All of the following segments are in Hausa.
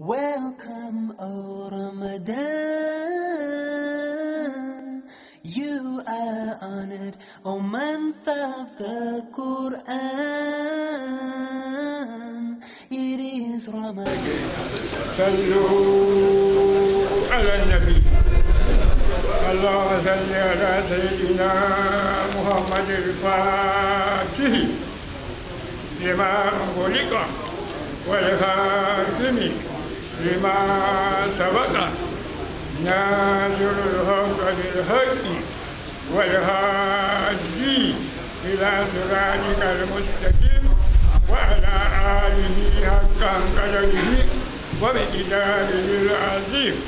Welcome, O Ramadan. You are honored, O month of the Quran. It is Ramadan. صلوا على النبي. اللهم صل على سيدنا محمد الفاتح لما خلق والخاتم لما سبق نازل الهدى بالهدي والهادي إلى صراطك المستقيم وعلى آله حقا قدره وبكتابه العظيم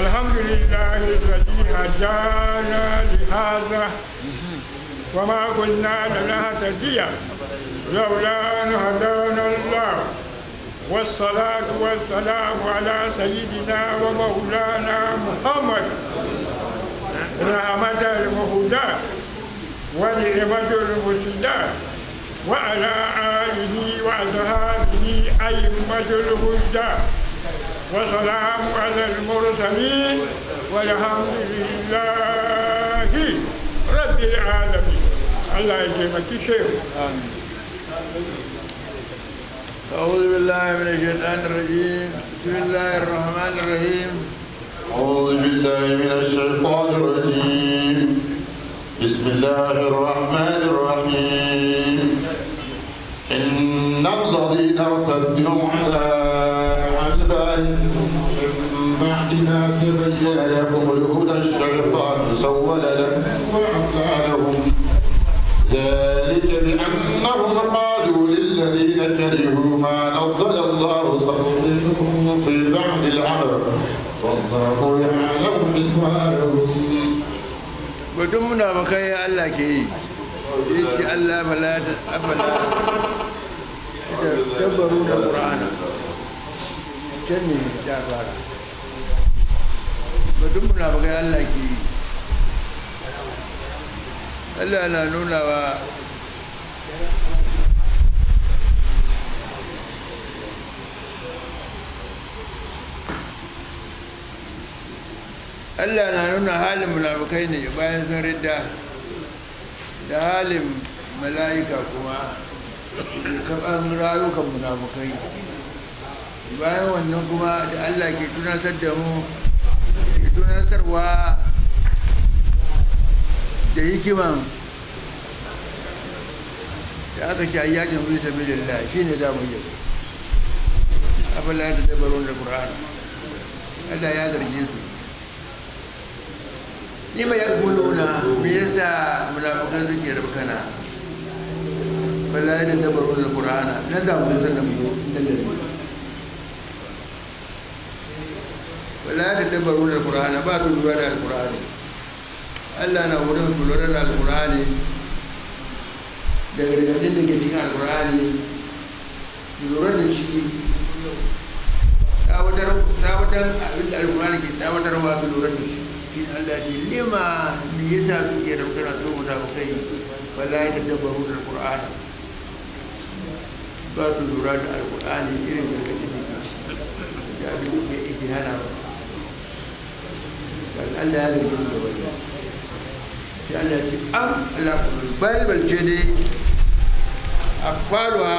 الحمد لله الذي هدانا لهذا وما كنا لنهتدي لولا أن هدانا الله والصلاة والسلام على سيدنا ومولانا محمد رحمة المهداة ونعمة المسداة وعلى آله وأصحابه أئمة الهدى وسلام على المرسلين والحمد لله رب العالمين الله يجزيك الشيخ آمين أعوذ بالله من الشيطان الرجيم بسم الله الرحمن الرحيم أعوذ بالله من الشيطان الرجيم بسم الله الرحمن الرحيم إن الذين ارتدوا على أدبارهم من بعد ما تبين لهم الهدى الشيطان سول لهم وأعطى لهم ذلك بأنهم قالوا الذين كرهوا ما نزل الله سنطيعكم في بعض العمر والله يعلم إسمارهم بدمنا بخير الله كي يجي الله فلا أفلا تدبرون القرآن كني جابر بدمنا بخير الله كي الا لا nuna Allah na nuna halin munafukai ne bayan sun ridda da halin mala'ika kuma kaban rayukan munafukai bayan wannan kuma da Allah ke tunatar da mu ke tunatarwa da hikiman da aka ce ayyakin fi sabilillah ne za mu yi afala ta dabarun da qur'an Allah ya zarge su Ni lima ya mai me yasa munafikan suke rabkana wallahi da dabaru da qur'ana na da mu san da mu da gari wallahi da dabaru da qur'ana ba su lura da alqur'ani Allah na wurin su lura da alqur'ani da gargadin da ke cikin alqur'ani lura da shi tawatar abin da alqur'ani ke tawatarwa su lura da shi shi Allah ya ce ma me yasa kuke da kana so guda ba kai wallahi da dabbaru da Qur'ani ba su lura da alqur'ani irin gargaɗi ne da abin da ke hana ba. bal Allah ya zargi da wani sai Allah ya ce am Allah bal bal ce ne a dai akwaluwa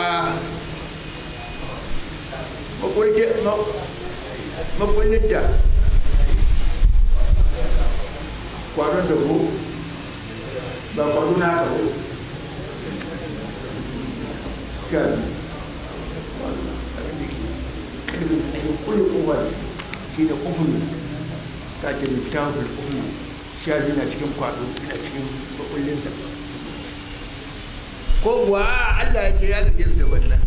makullinta kwadon da ko ba kwadon na ka ko da kowa shi da kufin ce kufin shi na cikin kwado na cikin ko kuwa allah ya ce ya wannan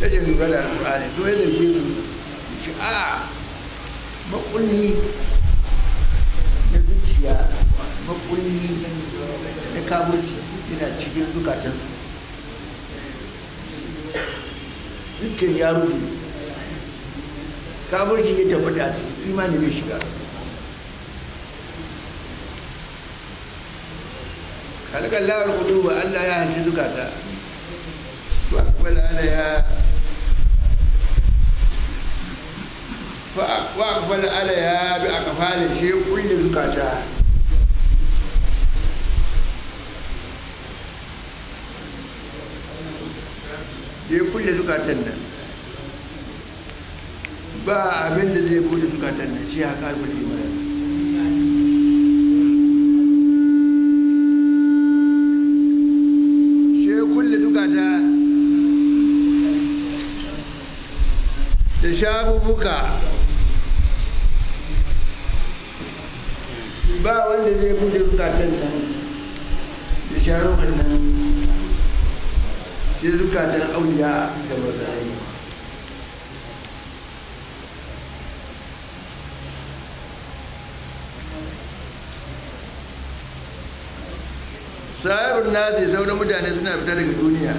ta ce lura da ya su a makulli zuciya makulli da kaburci yana cikin zukatansu dukkan ya rufe kaburci ya tabbata a cikin imani bai shiga halakar lawar kudu ba allah ya hanci zukata ba wala ya wa akfal ala ya bi akfalin shi zukata ya kulle zukatan nan ba abin da zai bude zukatan nan shi haka kulle imani shi kulle ba wanda zai bude zukatan nan da sharukan nan sai zukatan auliya da mazari sa'arun nasi sauran mutane suna fita daga duniya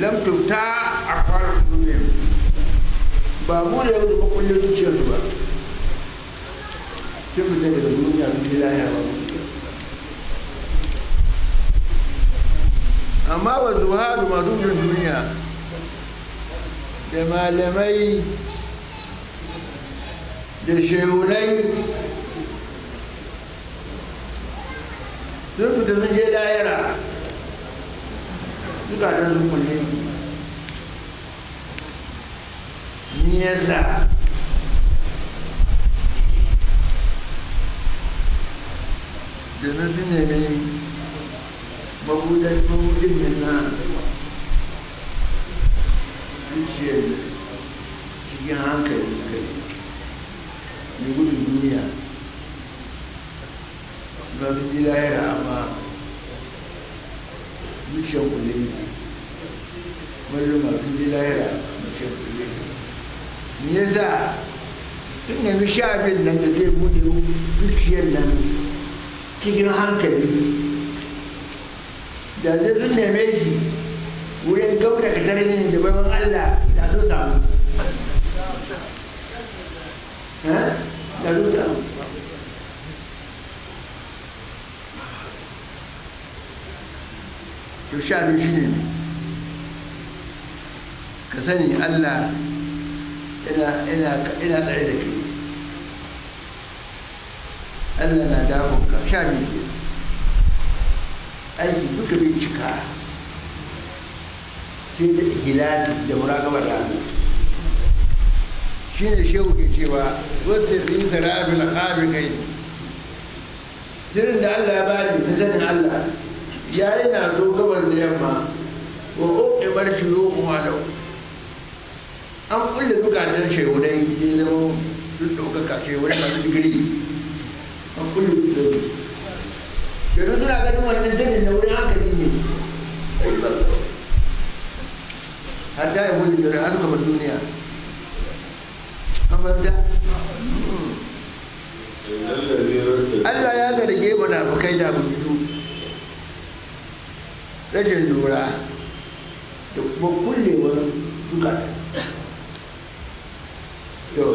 lamtuta a kwanar duniya ba mu da yau da makullin zuciyar ba sai daga ba amma ba zuhadu masu duniya da malamai da shehunai sun fita sun je dayara ta sun kulle ni yasa da na zine mai mabudan mabudin ne na zuciyar cikin hankali suka yi mai gudun duniya na zuci lahira amma zuciyar kule ne wani masu ji lahira zuciyar kule ne me yasa sun nemi shafin nan da zai bude zuciyar nan cikin hankali da zai sun neme shi wurin gab ka katar da bayan Allah da su samu da to sha biyu shi ne ka sani Allah yana tsare da kai allah na damun ka sha biyu aiki duka bai cika sai da hilali da muraƙabar rana shi ne shehu ke cewa wasu rinsa na ƙabi kai sirrin da allah ya bani na sanin allah ya yi na zo gabar da yamma ko oke bar shi zo kuma lau an kulle shehu dai ne zama sun ɗaukaka wani masu digiri a kullum da wuri yanzu suna ganin wannan zanin na wurin hankali ne yi ba har da ya mulki da har gaba duniya kamar da Allah ya na munafukai da mutu rashin lura da kuma kullewar zukata. Yau,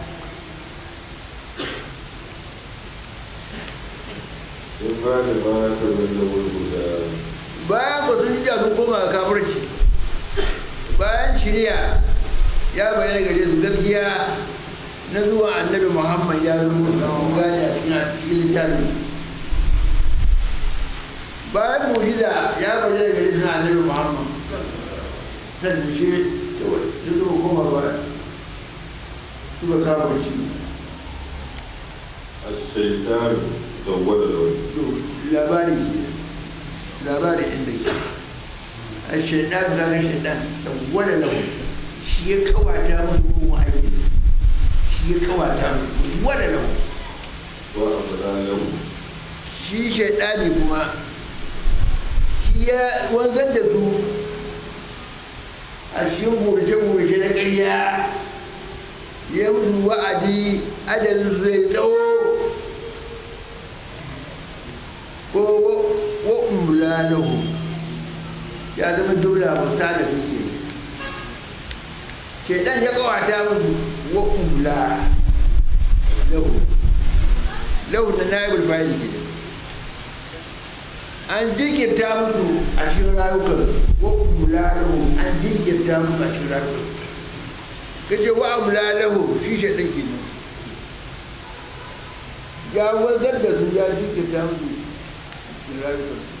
bayan ku sun jazu koma ga kafirci bayan shirya ya bayyana gare su gaskiya na zuwa annabi muhammad ya zama musamman gani a cikin littafin bayan mujiza ya bayyana gare su na annabi muhammad sannan shi ta zuwa koma ba su ga kafirci الشيطان sauwa da sauwa labari labari inda ke a shaidan zaga shaidan sauwa da sauwa shi ya kawata musu kuma aiki shi ya kawata musu sauwa da sauwa shi shaidani kuma shi ya wanzar da su a cikin gurje-gurje na ƙarya ya musu wa'adi adalin zai tsawo na lahu ya zama jumla musta da fiye ke dan ya ta musu wa kula lahu lahu da naibul fa'il gida an jinkirta musu a shi rayuka wa kula lahu an jinkirta musu a rayuka Ka ce wa amla lahu shi shi ɗin nan ya wazar da su ya jinkirta musu a cikin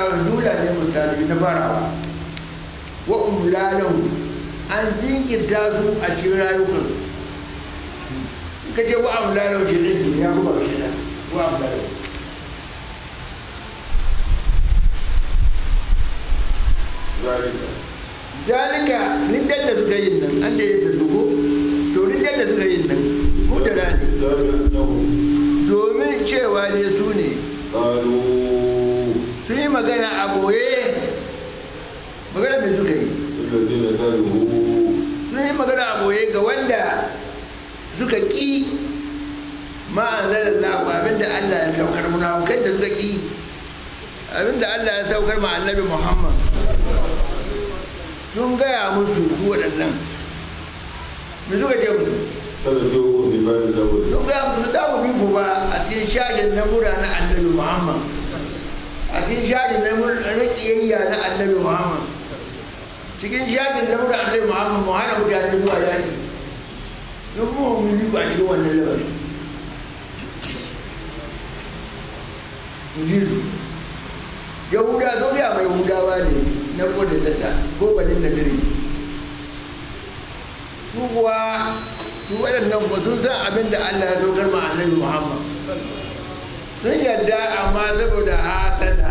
farawa dula ne mustalibi na farawa wa umlalahu an jinkirta su a cikin rayukansu ka ce wa umlalahu shi ne ya kuma shi da wa umlalahu zalika riddar da suka yin nan an ce yadda duko to riddar da suka yin nan ko da rani magana a goye magana mai suka yi sun yi magana a goye ga wanda suka ƙi ma'azalar lahu abinda allah ya saukar munafukai da suka ƙi abinda allah ya saukar ma annabi muhammad sun gaya musu su waɗannan mai suka ce musu sun gaya musu za mu bi ku ba a cikin shagin na mura na annabi muhammad cikin jari na ƙiyayya na annabi muhammad cikin jarin na wurin annabi muhammad mu hana mutane zuwa yaƙi don kuma mu yi ba cikin wannan lamari jiru yahuda zo ya mai yahudawa ne na kodin tata ko banin nadiri su kuwa su waɗannan ba sun san abin da allah ya saukar ma annabi muhammad sun yadda amma saboda hasada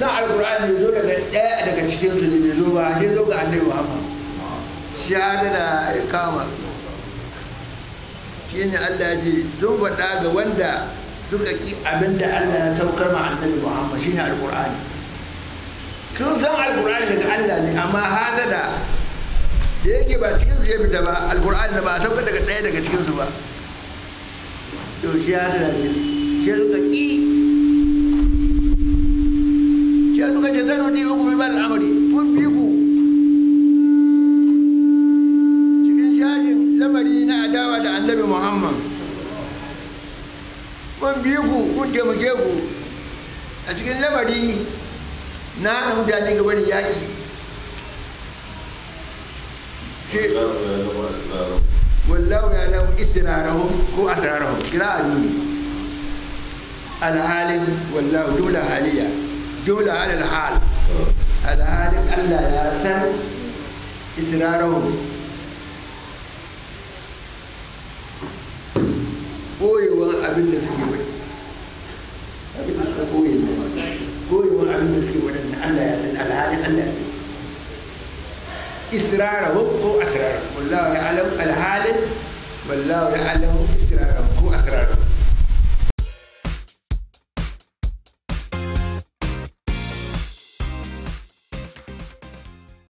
na alkur'ani zo daga ɗaya daga cikin su ne bai zo ba sai zo ga annabi muhammad shi ya da kama shi ne allah ya ce sun faɗa ga wanda suka ƙi abin da allah ya saukar ma annabi muhammad shi ne alkur'ani sun san alkur'ani daga allah ne amma hasa da da yake ba cikin su ya fita ba alkur'ani ba a saukar daga ɗaya daga cikin su ba to shi hasa da ne shi suka ƙi ka ce zanu ni uku bi bal amri kun bi ku cikin shajin lamari na adawa da annabi muhammad kun bi ku kun taimake ku a cikin lamari na na mutane gaba da yaƙi wallahu ya lamu istirarahum ko asrarahum kira a alhalin wallahu jumla haliya جولة على الحال العالم ألا يأسم إسراره قوي وان أبن أبن تسكو قوي قوي وان أبن تكيبت ألا يأسم العالم ألا إسراره هو أسراره والله يعلم العالم والله يعلم إسراره هو أسراره